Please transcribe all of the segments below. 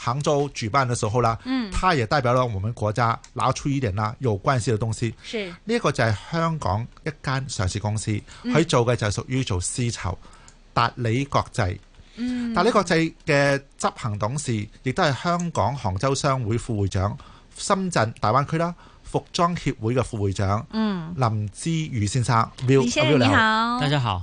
杭州舉辦的時候啦，嗯，它也代表咗我們國家拿出一點啦有關係的東西，是呢個就係香港一間上市公司，佢、嗯、做嘅就係屬於做絲綢達利國際，嗯，達利國際嘅執行董事亦都係香港杭州商會副會長，深圳大灣區啦服裝協會嘅副會長，嗯，林知譽先生，林生你好，大家好。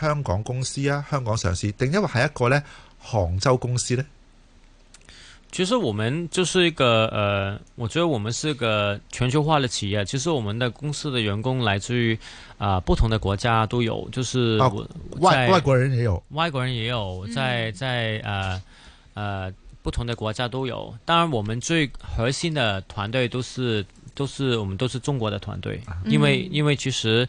香港公司啊，香港上市，定因為係一個呢，杭州公司呢？其實我們就是一個，呃……我覺得我們是個全球化的企業。其實我們的公司的員工來自於啊、呃、不同的國家都有，就是外、哦、在外國人也有，外國人也有，在在啊、呃呃、不同的國家都有。當然，我們最核心的團隊都是都是我們都是中國的團隊，嗯、因為因為其實就是。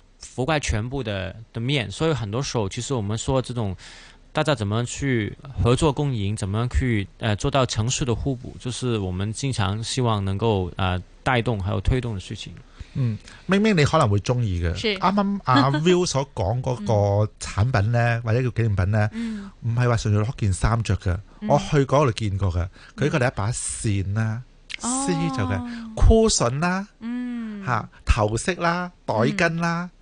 覆蓋全部的的面，所以很多時候其實我們說這種大家怎麼去合作共贏，怎麼去誒做到城市的互補，就是我們經常希望能夠啊帶動還有推動的事情。嗯，明明你可能會中意嘅。啱啱阿 Will 所講嗰個產品咧，或者叫紀念品咧，唔係話純粹攞件衫着嘅。我去嗰度見過嘅，佢嗰度一把扇啦，撕咗嘅，箍筍啦，吓頭飾啦，袋巾啦。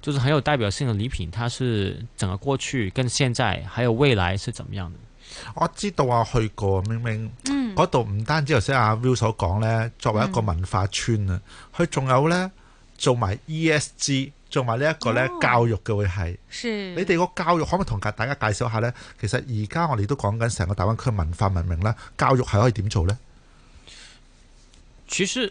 就是很有代表性的禮品，它是整個過去，跟現在，還有未來是怎麼樣的？我知道啊，去過明明，嗰度唔單止頭先阿 Will 所講呢，作為一個文化村啊，佢仲，嗯、有呢，做埋 ESG，做埋呢一個呢，哦、教育嘅會係，是你哋個教育可唔可以同大家介紹下呢？其實而家我哋都講緊成個大灣區文化文明啦，教育係可以點做呢？其實。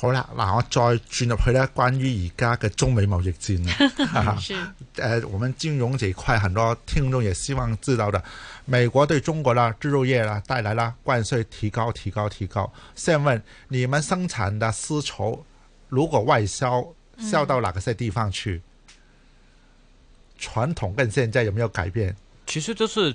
好啦，嗱我再轉入去咧，關於而家嘅中美貿易戰誒 是、啊呃，我們金融這一塊很多聽眾也希望知道的，美國對中國啦製肉業啦帶來了關稅提高、提高、提高。先問你們生產的絲綢如果外銷，銷到哪個些地方去？傳、嗯、統跟現在有沒有改變？其實就是。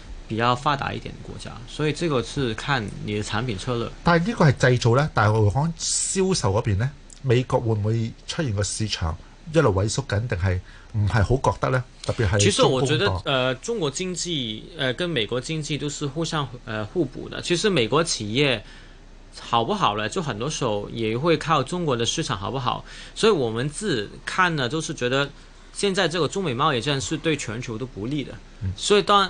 比較發達一點的國家，所以這個是看你的產品策略。但係呢個係製造咧，但係我講銷售嗰邊呢，美國會唔會出現個市場一路萎縮緊，定係唔係好覺得呢？特別係。其實我覺得、呃、中國經濟、呃、跟美國經濟都是互相、呃、互補的。其實美國企業好不好呢？就很多時候也會靠中國的市場好不好。所以我們自看呢，就是覺得現在這個中美貿易戰是對全球都不利的。嗯、所以當。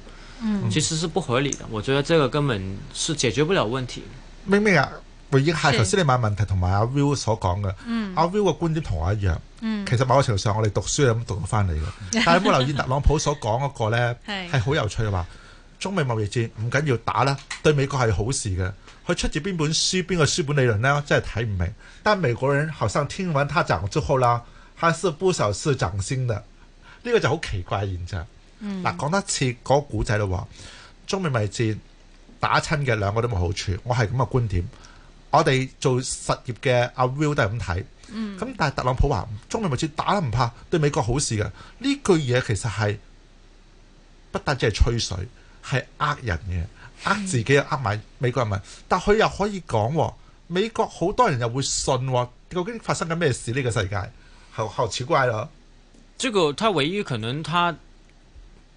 其實是不合理的，嗯、我覺得這個根本是解決不了問題。明明啊，回應下頭先你問問題同埋阿 Will 所講嘅，阿 Will 嘅觀點同我一樣，嗯、其實某個程度上我哋讀書咁讀到翻嚟嘅， 但係有冇留意特朗普所講嗰個呢？係好 有趣嘅話，中美貿易戰唔緊要打啦，對美國係好事嘅，佢出自邊本書邊個書本理論呢？真係睇唔明。但美國人好像聽完他講之後啦，還是不熟悉掌聲的，呢個就好奇怪的現象。嗱，講多次嗰個古仔啦，話中美貿易戰打親嘅兩個都冇好處，我係咁嘅觀點。我哋做實業嘅阿 Will 都係咁睇。咁、嗯、但係特朗普話中美貿易戰打得唔怕，對美國好事嘅呢句嘢，其實係不單只係吹水，係呃人嘅，呃自己呃埋美國人民。嗯、但佢又可以講，美國好多人又會信。究竟發生緊咩事呢個世界？好好奇怪咯。這個他唯一可能他。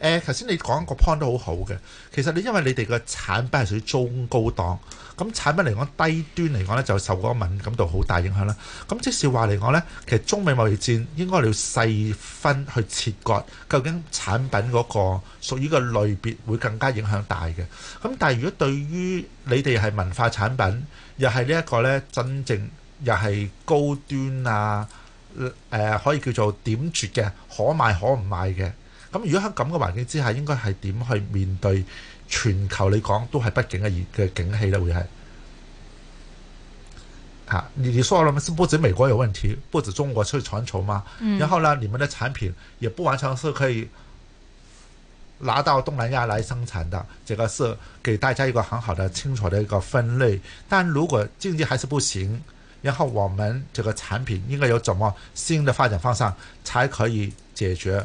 誒頭先你講個 point 都好好嘅，其實你因為你哋個產品係屬於中高檔，咁產品嚟講低端嚟講呢，就受嗰敏感度好大影響啦。咁即係話嚟講呢，其實中美貿易戰應該你要細分去切割，究竟產品嗰個屬於個類別會更加影響大嘅。咁但係如果對於你哋係文化產品，又係呢一個呢，真正又係高端啊誒、呃，可以叫做點綴嘅，可賣可唔賣嘅。咁如果喺咁嘅環境之下，應該係點去面對全球？嚟講都係不景嘅嘅景氣咧，會係吓、啊，你你説了嘛，是不止美國有問題，不止中國出去全球嘛？嗯。然後呢，你們嘅產品也不完全是可以拿到東南亞來生產的，這個是給大家一個很好的清楚的一個分類。但如果經濟還是不行，然後我們這個產品應該有怎麼新的發展方向，才可以解決。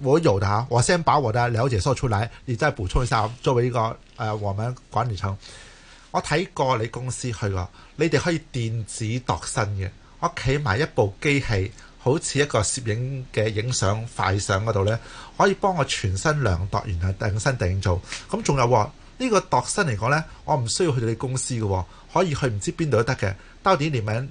我有的吓，我先把我的了解說出來，你再補充一下。作為呢個誒，我們管理層，我睇過你公司去嘅，你哋可以電子度身嘅。我企埋一部機器，好似一個攝影嘅影相快相嗰度呢，可以幫我全身量度完啊，訂身訂做。咁仲有呢個度身嚟講呢，我唔需要去到你公司嘅，可以去唔知邊度都得嘅。到底你們？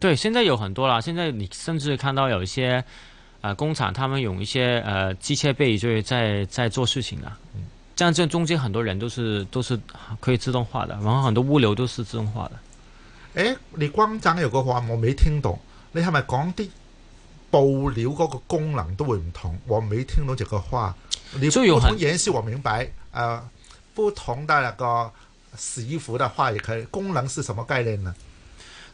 對，現在有很多啦。現在你甚至看到有一些，呃、工廠，他們用一些，呃，機械臂就，就是在在做事情啦。嗯、這樣係中間很多人都是都是可以自動化的，然後很多物流都是自動化的。誒，你講有個話，我沒聽懂。你係咪講啲布料嗰個功能都會唔同？我未聽到這個話。你普通解釋我明白。誒、呃，不同的那個洗衣服的話，也可以功能是什麼概念呢？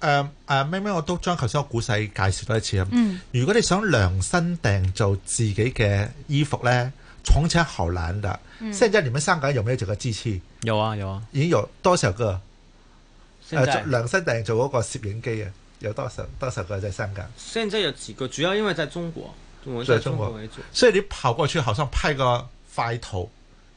誒誒，咩咩、uh, uh, 我都將頭先個故事介紹多一次啊。嗯、如果你想量身定做自己嘅衣服咧，廠車好難嘅，嗯、現在你們香港有沒有這個機器？有啊，有啊，有啊已經有多少個誒在、啊、量身定做嗰個攝影機啊？有多少多少個在香港？現在有幾個？主要因為在中國，在中國為主，所以你跑過去，好像拍個快圖。